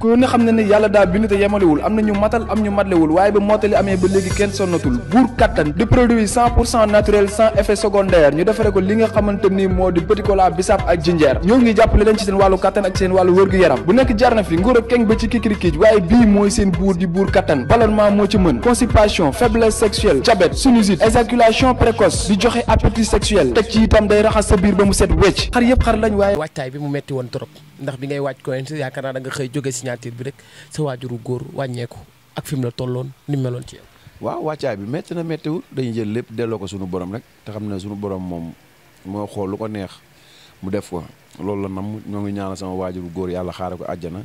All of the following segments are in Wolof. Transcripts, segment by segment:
ku ne xam ne ne yàlla daal bind te yemalewul am na ñu matal am ñu matlewul waaye ba mottali amee ba léegi kenn sonnatul buur kattan di produit cent pour cent naturel sans effet secondaire ñu defare ko li nga xamante ni moo di petit cola bisaab ak jinjeer ñoo ngi jàppale leen ci seen wàllu kattan ak seen wàllu wërgu yaram bu nekk jarna fi nguur ak keng ba ci kikirikiij waaye bii mooy seen buur di buur kattan ballonnement moo ci mën constipation faiblesse sexuelle diabète sinusite éjaculation précoce di joxe appétit sexuel teg itam day raxas sa biir ba mu set wecc xar yëpp xar lañ waaye waajtaay bi mu metti woon trop ndax bi ngay waaj ko yaakaar naa da nga xëy jóge signature bi rek sa waajuru góor wàññeeku ak fi mu la tolloon ni mu meloon ci yow. waaw wàccaay bi métti na méttiwul dañuy jël delloo ko suñu borom rek te xam ne suñu borom moom moo xool lu ko neex mu def ko loolu la nam ñoo ngi ñaanal sama waajuru góor yàlla xaare ko àjjana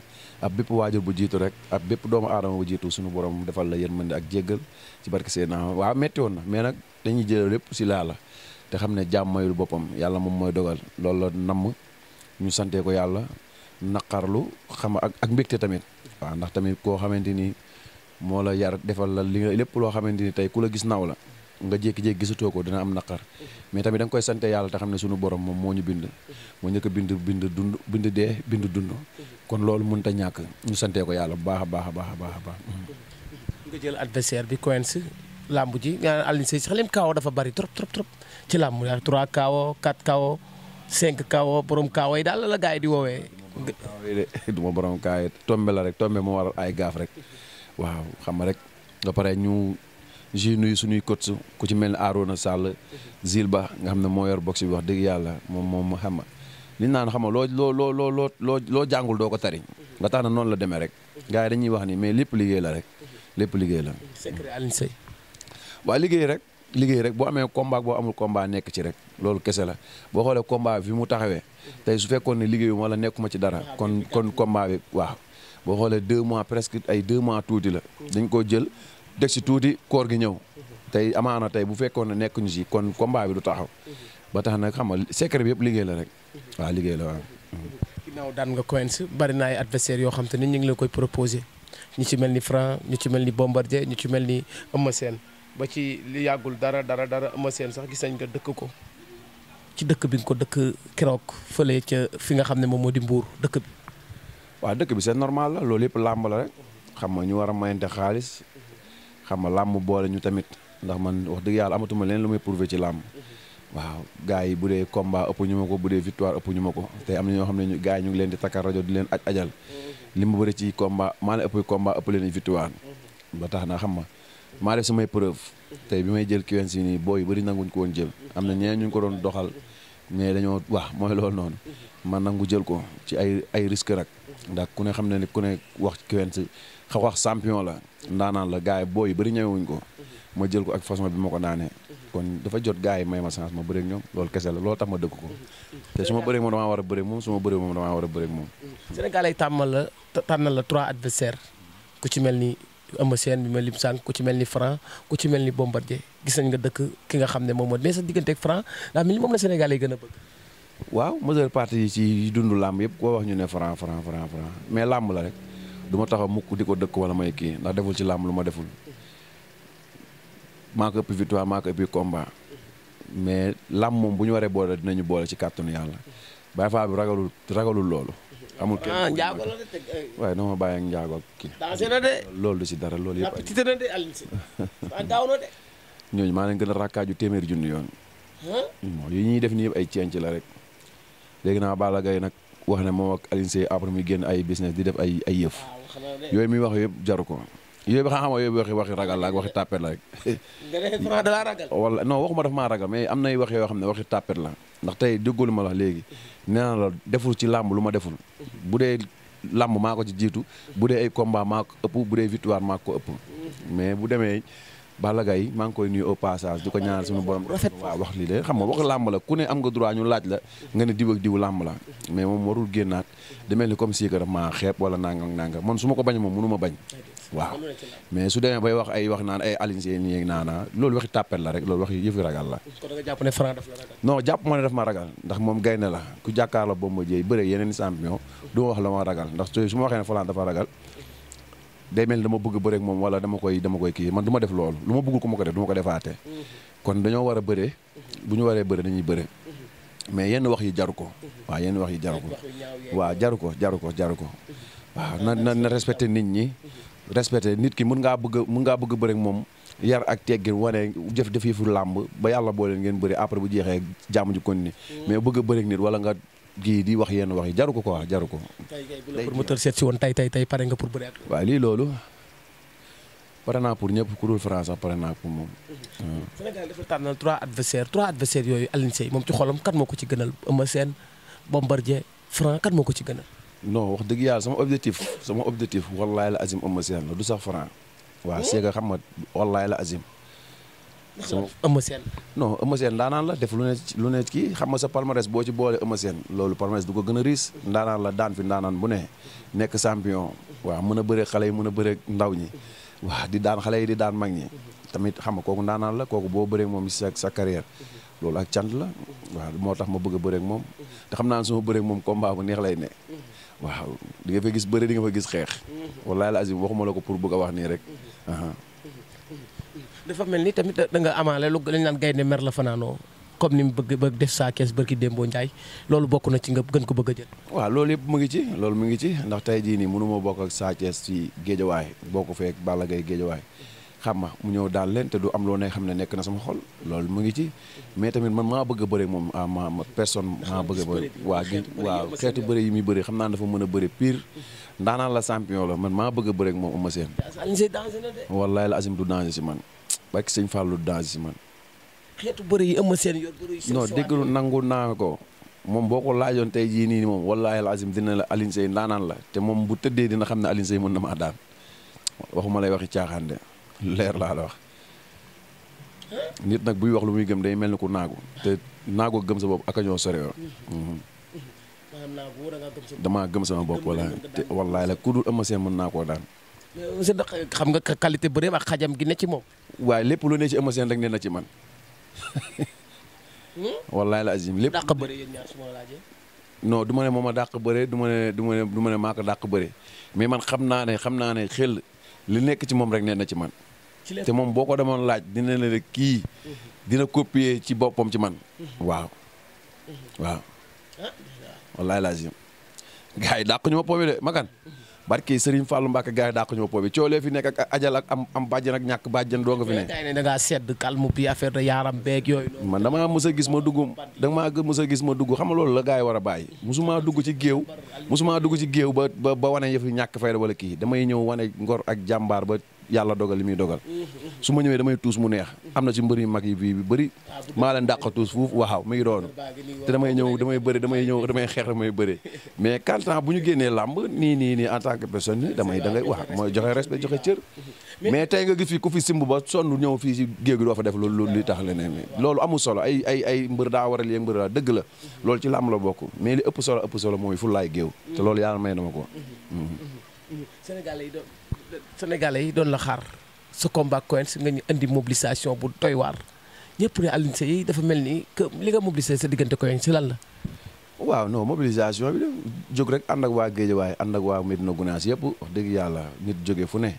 ab bépp waajur bu jiitu rek ab bépp doomu aadama bu jiitu suñu borom defal la yërmande ak jéggal ci barke Seydina waaw métti woon na mais nag dañuy jël lépp si laa la te xam ne jàmm mayul boppam yàlla moom mooy dogal loolu la namm ñu sante ko yàlla naqarlu xam ak ak mbégte tamit waaw ndax tamit koo xamante ni moo la yar defal la li nga lépp loo xamante ni tey ku la gis naaw la nga jékki-jékki gisatoo ko dina am naqar mais tamit da nga koy sante yàlla te xam ne sunu borom moom moo ñu bind moo njëkk bind bind dund bind dee bind dund kon loolu mënut a ñàkk ñu santee ko yàlla bu baax a baax a baax a baax a baax nga jël bi Quench làmb ji nga Alioune Sèye sax lim kaawo dafa bari trop trop trop ci làmb yaa cinq kawo borom kawo yi daal la gaa yi di woowee. du ma borom kawo yi tombe la rek tombe moo waral ay gaaf rek waaw xam nga rek nga pare ñu ji nuyu suñuy coach ku ci mel ne na Sall Zilba nga xam ne moo yor box bi wax dëgg yàlla moom moom xam nga li naan xam nga loo loo loo loo loo loo jàngul doo ko tari nga tax na noonu la demee rek gars yi dañuy wax ni mais lépp liggéey la rek lépp liggéey la. secret waa liggéey rek. liggéey rek boo amee combat boo amul combat nekk ci rek loolu kese la boo xoolee combat bi mu taxawee tey su fekkoon ne liggéeyu wala nekkuma ci dara kon kon combat bi waaw boo xoolee deux mois presque ay deux mois tuuti la dañ koo jël teg si tuuti koor gi ñëw tey amaana tey bu fekkoon ne nekkuñu si kon combat bi du taxaw ba tax nag xam nga secret bi yëpp liggéey la rek waaw liggéey la waaw ginnaaw daan nga Quench bari na ay yoo xam ni ñu ngi la koy proposé ñu ci mel ni Franc ñu ci mel ni Bombardier ñu ci mel ni Eumeu Sène ba ci li yàggul dara dara dara ama Sène sax gis nañ nga dëkk ko ci dëkk bi nga ko dëkk keroog fële ca fi nga xam ne moom moo di mbuur dëkk bi waa dëkk bi c'est normal la loolu yëpp làmb la rek xam nga ñu war a mayante xaalis xam nga làmb boole ñu tamit ndax man wax dëgg yàlla amatuma leen lu may prouver ci làmb waaw gaa yi bu dee combat ëpp ñu ma ko bu dee victoire ëpp ñu ma ko te am na ñoo xam ne gars yi ñu ngi leen di takkal rajo di leen aj ajal li ma bëri ci combat maa ëpp combat ëpp leen victoire ba tax na xam nga maa def samay preuve tey bi may jël kiwen si nii booy bari bëri nanguñ ko woon jël am na ñeneen ñu ngi ko doon doxal mais dañoo wax mooy loolu noonu man nangu jël ko ci ay ay risque rek ndax ku ne xam ne ni ku ne wax kiwen si xaw wax champion la ndaanaan la gaa yi booy yu bëri ñëwewuñ ko ma jël ko ak façon bi ma ko daanee kon dafa jot gars yi may ma chance ma bëre ak ñoom loolu kese la loolu tam ma dëkk ko te su ma bëree moom damaa war a bëre moom su ma bëree moom damaa war a bëre moom Sénégal ay tàmmal la tànnal la trois adversaires ku ci mel ni Eumeu Sène bi ma lim sànq ku ci mel ni Franc ku ci mel ni Bombardier gis nañ nga dëkk ki nga xam ne moom moo mais sa diggante ak Franc daa mel ni moom la Sénégal yi gën a bëgg. waaw majeure partie yi ci dundu làmb yëpp koo wax ñu ne Franc Franc Franc Franc mais làmb la rek du ma taxaw mukk di ko dëkk wala ma kii ndax deful ci làmb lu ma deful maa ko ëpp victoire maa ëpp combat mais làmb moom bu ñu waree boole dinañu boole ci kàttanu yàlla Baye Fall ragalul ragalul amul kenn ah njaago la de waaye bàyyi ak njaago ak loolu du si dara loolu yëpp. appétit na de daaw na de. ñooñu maa leen gën a rakkaaju téeméeri junni yoon. moom ñuy def nii yëpp ay ceeñ la rek. léegi naa Balla Gaye nag wax ne moom ak Alioune Seye après muy génn ay business di def ay ay yëf. Ah, yooyu muy wax yëpp jaru ko. yooyu xam nga yooyu waxi waxi ragal la ak waxi tàppet la rek. nga da laa ragal. wala non waxuma daf maa ragal mais am na nay wax yoo xam ne waxi tàppet la ndax tey déggul ma la léegi nee la deful ci làmb lu ma deful bu dee làmb maa ko ci jiitu bu dee ay combat maa ko ëpp bu dee victoire maa ko ëpp mais bu demee. Balla Gaye maa ngi koy nuyu au passage di ko ñaanal suñu borom waaw wax lii xam nga wax làmb la ku ne am nga droit ñu laaj la nga ne diw ak diw làmb la mais moom warul génnaat demel ni comme si que daf maa wala nangam nangam man su ko bañ moom mënu ma bañ waaw mais su demee bay wax ay wax naan ay Alioune Sèye nii naana loolu waxi tàppet la rek loolu waxi yëfi ragal la. kon jàpp ne Franc daf la jàpp ma ne daf ma ragal ndax moom gaynde la ku jàkkaarloo Bombardier bëre yeneen champion du ma wax la ma ragal ndax su ma waxee ne Franc dafa ragal day dama bëgg bëre moom wala dama koy dama koy kii man du def loolu lu ma bëggul ko ma ko def du ma ko defaatee. Mhm. kon dañoo war a bëre mhm. bu ñu waree bëre dañuy bëre. Mhm. mais yenn wax yi jaru ko. waa yenn wax yi jaru ko. waa jaru ko jaru ko jaru ko. waaw na na respecté nit ñi respecté nit ki mën ngaa bëgg mën ngaa bëgg bëri moom yar ak teggin wane jëf def yëfu làmb ba yàlla boo ngeen bëri après bu jeexee jàmm ju kon ni mm. mais bëgg bëri nit wala nga kii di wax yenn wax yi jaru ko quoi jaru ko. tey kay bu seet si woon tey tey tey pare nga pour bëri ak. waaw lii loolu pare naa pour ñëpp ku dul France sax pare naa pour moom. Mm-hmm. Sénégal dafa tànnal trois adversaires trois adversaires yooyu Alioune Seye moom ci xolam kan moo ko ci gënal Eumeu Sène Bombardier Franc kan moo ko ci gënal. non wax dëgg yàlla sama objectif sama objectif wallaay la azim Eumeu la du sax franc waa hmm? seega xam nga wallaay la azim sama Eumeu Sène non Eumeu ndaanaan la def lu ne lu ne kii xam nga sa palmarees boo ci boole Eumeu loolu palmarès du ko gën a riis ndaanaan la daan fi ndaanaan ne nekk champion waaw mën a bëre xale yi mën a bëre ndaw ñi waaw di daan xale yi di daan mag ñi tamit xam nga kooku ndaanaan la kooku boo bëree moom sa sa carrière loolu ak cant la waaw moo tax ma bëgg a moom te xam naa ne su moom combat bu neex lay ne waaw di nga fa gis bëri di nga fa gis xeex. Mhm. wallaahi la azim waxuma la ko pour bëgg a wax nii rek. Mhm. dafa mel ni tamit da nga amaale lu lañ naan gaynde mer la fanaanoo comme ni mu bëgg bëgg def saa kees barki Dembo Ndiaye loolu bokk na ci nga gën ko bëgg a jël. waa loolu yëpp mu ngi ci loolu mu ngi ci ndax tey jii nii mënu bokk ak saa kees ci géejawaay ko feek Balla Gaye géejawaay xam mu ñëw daal leen te du am loo ne xam ne nekk na sama xol loolu mu ngi ci mais tamit man maa bëgg a moom ah, ma ma personne maa bëgg a bëri waa waaw muy bëri xam naa dafa mën bëri pire ndaanaan la champion la man maa bëgg a bëri ak moom Eumeu Sène wallaay la azim du danger si man bak sëñ Fallou du danger si man xeetu bëri yi Eumeu Sène yor bëri yi non naa ko moom boo laajoon tey jii nii moom wallaay la azim dina la Alioune Sèye la te moom bu tëddee dina xam ne Alioune Sèye mën na maa daan waxuma lay waxi caaxaan leer laa la wax nit nag buy wax lu muy gëm day mel ni ku naagu te naagu gëm sa bopp ak a ñoo mhm. damaa gëm sama bopp wala te wallaay la ku dul ëmma seen mën naa koo daan xam nga qualité bëreem ak xajam gi ne ci moom waaye lépp lu ne ci ëmma seen na ci man hmm? wallaay la azim lépp dàq bëre du ma ne moom a dàq du ma du ma ne du ma dàq bëre mais man xam naa ne xam naa ne xel li nekk ci moom rek ne na ci man te moom boo ko demoon laaj dina ne rek kii dina copier ci boppam ci man waaw waaw wallaay lazim gars yi dàq ñu ma poobi de makan barke Serigne Fallou Mbacke gars yi dàq ñu ma poobi coolee fi nekk ak ajal ak am am bàjjan ñàkk bàjjan doo nga fi ne da ngaa sedd calme bi affaire de man damaa mës a gis ma dugg damaa mës a gis ma dugg xam nga loolu la gars yi war a bàyyi mosumaa dugg ci géew mosumaa dugg ci géew ba ba wane yëf ñàkk fayda wala kii damay ñëw wane ngor ak jàmbaar yàlla dogal li muy dogal su ma ñëwee damay tuus mu neex am na ci mbër yu mag yi bii bi bëri maa leen dàq tuus foofu waaw mi ngi doon te damay ñëw damay bëri damay ñëw damay xeex damay bëri mais quand bu ñu génnee làmb nii nii nii en tant que personne damay wax mooy joxe respect joxe cër mais tey nga gis fi ku fi simb ba sonn ñëw fii si géej gi fa def loolu li tax leneen loolu amul solo ay ay ay mbër daa war a mbër daa dëgg la loolu ci làmb la bokk mais li ëpp solo ëpp solo mooy fu laay géew te loolu yàlla may na ko Sénégalais yi doon la xaar sa combat Quench nga ñu indi mobilisation bu doy waar ñëpp ne Alioune Seye dafa mel ni que li nga mobilisé sa diggante Quench si lan la. waaw non mobilisation bi jóg rek ànd ak waa Géejawaay ànd ak waa Medina Gounass yëpp wax dëgg yàlla nit jóge fu ne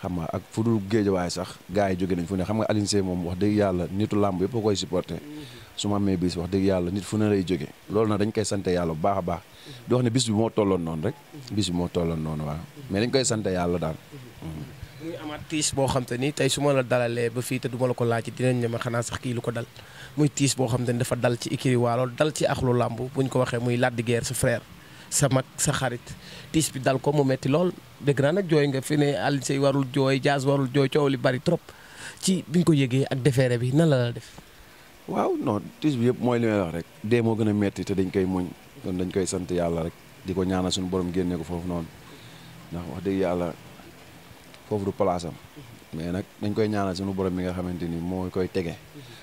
xam nga ak fu dul Géejawaay sax gaa yi jóge nañ fu ne xam nga Alioune moom wax dëgg yàlla nitu làmb yëpp koy supporté. su ma amee biis wax dëgg yàlla nit fu ne lay jóge loolu nag dañ koy sante yàlla bu baax baax di wax ne bis bi moo tolloon noonu rek bis bi moo tolloon noonu waaw mais dañ koy sante yàlla daal muy amaat tiis boo xam te ni tey su ma la dalalee ba fii te du ma la ko laaj dinañ ne ma xanaa sax kii lu ko dal muy tiis boo xam te ni dafa dal ci ikiri waalo dal ci axlu làmb buñ ko waxee muy Lac de Guiers sa frère sa mag sa xarit tiis bi dal ko mu metti lool dégg nag jooy nga fi ne Alioune warul jooy Diaz warul jooy coow li bari trop ci biñ ko yëgee ak defeere bi nan la la def waaw non tiis bi yëpp mooy li may wax rek dee moo gën a metti te dañ koy muñ kon dañ koy sant yàlla rek di ko ñaanal suñu borom génne ko foofu noonu ndax wax dëgg yàlla foofu du place am mais nag dañ koy ñaanal suñu borom mi nga xamante ni moo koy tege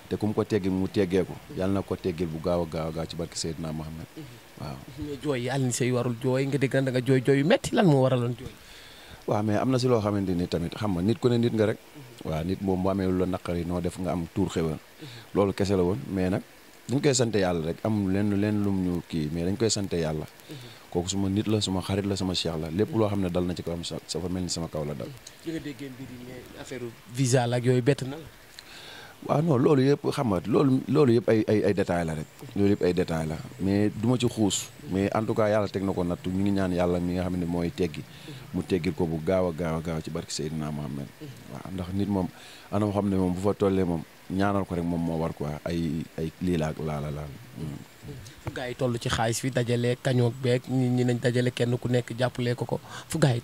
te ku ko teggi mu teggee ko yàlla na ko teggil bu gaaw a gaaw a gaaw ci barki Seydina Mohamed mhm. waaw. jooy yi Alioune Seye warul jooy nga dégg da nga jooy jooy metti lan moo waraloon jooy. waaw mais am na si loo xamante ni tamit xam nga nit ko ne nit nga rek waa nit moom bu amee lu la naqari noo def nga am tuur xewal loolu kese la woon mais nag dañ koy sante yàlla rek am leen leen lum ñu kii mais dañ koy sante yàlla kooku suma nit la suma xarit la suma cheikh la lépp loo xam ne dal na ci kawam sa fa mel ni sama kaw la dal ci affaire visa la yooyu bett na la loolu yëpp xam nga loolu loolu yëpp ay ay ay détails la rek loolu yëpp ay la mais du ma ci xuus mais en tout cas yàlla teg na ko nattu ñu ngi ñaan yàlla mi nga xam ne mooy teggi mu teggil ko bu gaaw a gaaw a gaaw ci barki Seydina Mohamed waaw ndax nit moom anam xam ne moom bu fa tollee moom ñaanal ko rek moom moo war ko ay ay lii laak laala laal fu gaa yi toll ci xaalis bi dajalee kañoog beeg ñi ñi nañ dajale kenn ku nekk jàppalee ko ko fu gaa yi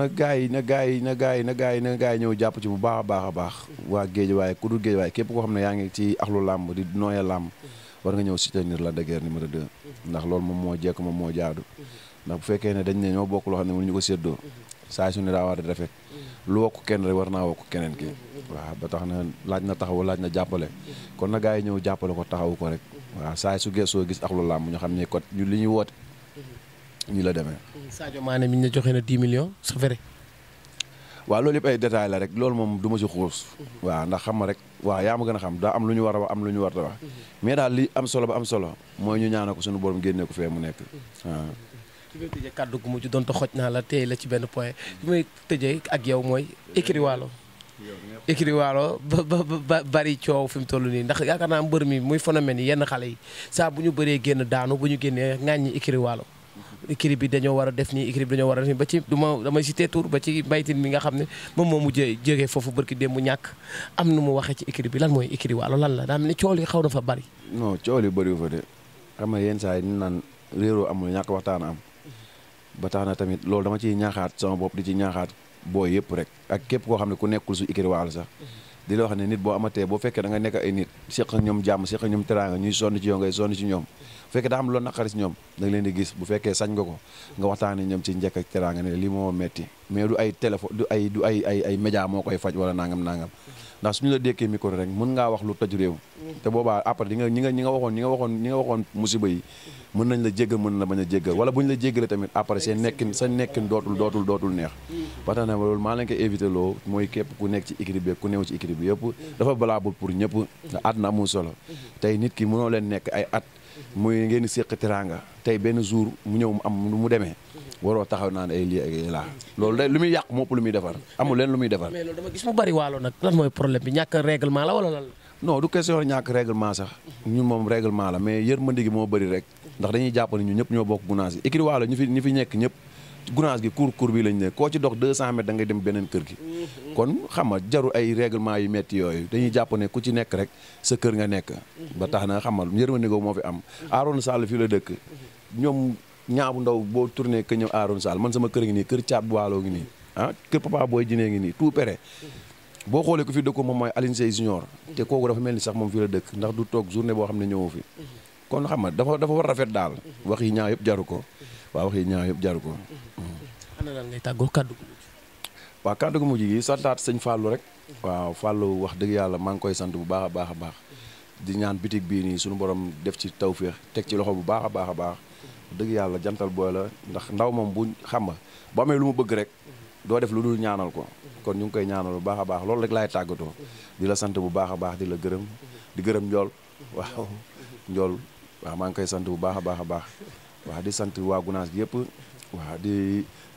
na gaa yi na gaa yi na gaa yi na gaa yi na gaa yi jàpp ci bu baax a baax a baax waa géej waaye ku dul géej waaye képp koo xam ne yaa ngi ci axlu làmb di nooya làmb war nga ñëw soutenir la de guerre numéro 2 ndax loolu moom moo jekk moom moo jaadu ndax bu fekkee ne dañ ne ñoo bokk loo xam ne mënuñu ko séddoo saa su ne daa war a rafet lu wokk kenn rek war naa wokk keneen ki waaw ba tax na laaj na taxaw laaj na jàppale kon na gars yi ñëw jàppale ko taxawu ko rek waa saa su geesoo gis ak lu làmb ñu xam ne ko ñu li ñuy woote ñu la demee. Sadio Mané mi ñu joxe na 10 millions sa fere. waaw loolu yëpp ay détails la rek loolu moom du ma si xuus. waa ndax xam ma rek waaw yaa ma gën a xam daa am lu ñu war a wax am lu ñu war a mais daal li am solo ba am solo mooy ñu ñaana ko suñu borom génne ko fee mu nekk fi nga tëjee kàddu gu mujj doon xoj naa la tey la ci benn point bi may ak yow mooy écrit waalo écrit waalo ba ba bari coow fi mu toll nii ndax yaakaar naa mbër mi muy phénomène yi yenn xale yi saa bu ñu bëree génn daanu bu ñu génnee ŋàññi écrit waalo écrit bi dañoo war a def nii écrit dañoo war a def ba ci du ma damay cité tour ba ci mbaytin mi nga xam ne moom moo mujjee jógee foofu bërki démb ñàkk am nu mu waxee ci écrit bi lan mooy écrit waalo lan la daan mel ni coow li xaw na fa bari non coow li bëriwu fa de xam nga yenn naan réeroo amul ñàkk waxtaan am ba tax na tamit loolu dama ciy ñaaxaat sama bopp di ci ñaaxaat boo yëpp rek ak képp koo xam ne ku nekkul su ikiri sax mm-hmm. di la wax ne nit boo amatee boo fekkee danga nekk ay nit seq ak ñoom jàmm seq ak ñoom teraanga ñuy sonn ci yow ngay sonn ci ñoom mm-hmm. bu fekkee daa am loolu naqari ci ñoom da leen di gis bu fekkee sañ nga ko nga waxtaane ñoom ci njëkk ak teraanga ne lii moo metti mais du ay téléphone du ay du ay ay ay média moo koy faj wala nangam nangam mm-hmm. ndax suñu la dékkee micro rek mën ngaa wax lu toj réew te boobaa après di nga ñi nga ñi nga waxoon ñi nga waxoon ñi nga waxoon musiba yi mën nañ la jéggal mën na bañ a jéggal wala bu ñu la jéggale tamit après seen nekkin sa nekkin dootul dootul dootul neex ba tax na loolu maa leen ko éviter loo mooy képp ku nekk ci équipe bi ku néew ci équipe bi yëpp dafa balaa pour ñëpp nga at na amul solo tey nit ki mënoo leen nekk ay at muy ngeen séq teraanga tey benn jours mu ñëw mu am mu demee waroo taxaw naan ay eh, lii ak laa loolu de lu muy yàq mopp lu muy defar amul leen lu muy defar. mais mu bari waalo nag lan mooy problème bi ñàkk règlement la wala lan la. non du question ñàkk règlement sax ñun moom règlement la mais yërmande moo bëri rek ndax dañuy jàpp ne ñun ñëpp ñoo bokk gunaas yi écrit waalo ñu fi ñu fi nekk ñëpp gunaas gi cour cour bi lañ ne koo ci dox 200 mètres da ngay dem beneen kër gi mhm. kon xam nga jaru ay règlement yu metti yooyu dañuy jàpp ne ku ci nekk rek sa kër nga nekk ba tax na xam nga yërmande googu moo fi am mhm. Aaron Sall fii la dëkk mhm. ñoom ñaabu ndaw boo tourné kër ñëw Aaron Sall man sama kër ngi nii kër caab waaloo ngi nii ah kër papa booy jinee ngi nii tout pere boo xoolee ku fi dëkk moom mooy Alioune Seye junior te kooku dafa mel ni sax moom fi la dëkk ndax du toog journée boo xam ne ñëwoo fi kon xam ma dafa dafa war rafet daal wax yi ñaaw yëpp jaru ko waaw wax yi ñaaw yëpp jaru ko ana lan ngay tàggoo kàddu gu mujj waaw kàddu gu mujj gi santaat sëñ Fallou rek waaw Fallou wax dëgg yàlla maa ngi koy sant bu baax a baax a baax di ñaan bitig bii nii suñu borom def ci tawféex teg ci loxo bu baax a baax a baax dëgg yàlla jantal booy la ndax ndaw moom bu xam nga boo amee lu mu bëgg rek doo def lu dul ñaanal ko kon ñu ngi koy ñaanal bu baax a baax loolu rek laay tàggatoo di la sant bu baax a baax di la gërëm di gërëm njool waaw njool waaw maa ngi koy sant bu baax a baax a baax waaw di sant waa Gunaas yëpp waaw di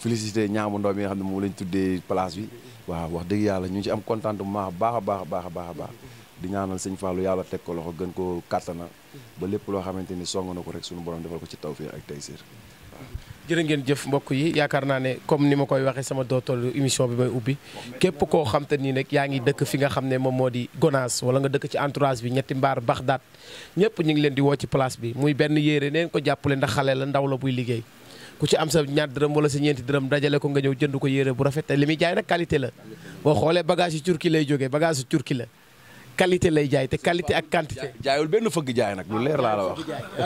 félicité ñaamu ndaw mi nga xam ne moom lañ tuddee place bi waaw wax dëgg yàlla ñu ngi ci am contentement a baax a baax a baax a baax di ñaanal sëñ Fallou yàlla teg ko loxo gën ko kàttana ba lépp loo xamante ni song na ko rek suñu borom defal ko ci tawfeex ak taysiir jërë ngeen jëf mbokk yi yaakaar naa ne comme ni ma koy waxee sama dootal émission bi may ubbi képp koo xam te nii nag yaa ngi dëkk fi nga xam ne moom moo di Gonaas wala nga dëkk ci entourage bi ñetti mbaar Baxdaat ñëpp ñu ngi leen di woo ci place bi muy benn yéere neen ko jàppale ndax xale la ndaw la buy liggéey ku ci am sa ñaar dërëm wala sa ñeenti dërëm dajale ko nga ñëw jënd ko yéere bu rafet li muy jaay nag qualité la boo xoolee bagage yi turki lay jógee bagage yi qualité lay jaay te qualité ak quantité. jaayul benn fëgg jaay nag lu leer laa la wax.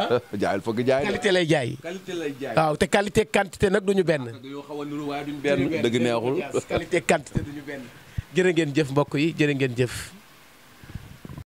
Ah? jaayul fëgg jaay qualité lay jaay. qualité lay waaw te qualité quantité nag duñu benn. dañoo xaw a nuru waaye duñu benn dëgg neexul. qualité quantité duñu ngeen jëf mbokk yi jërë ngeen jëf.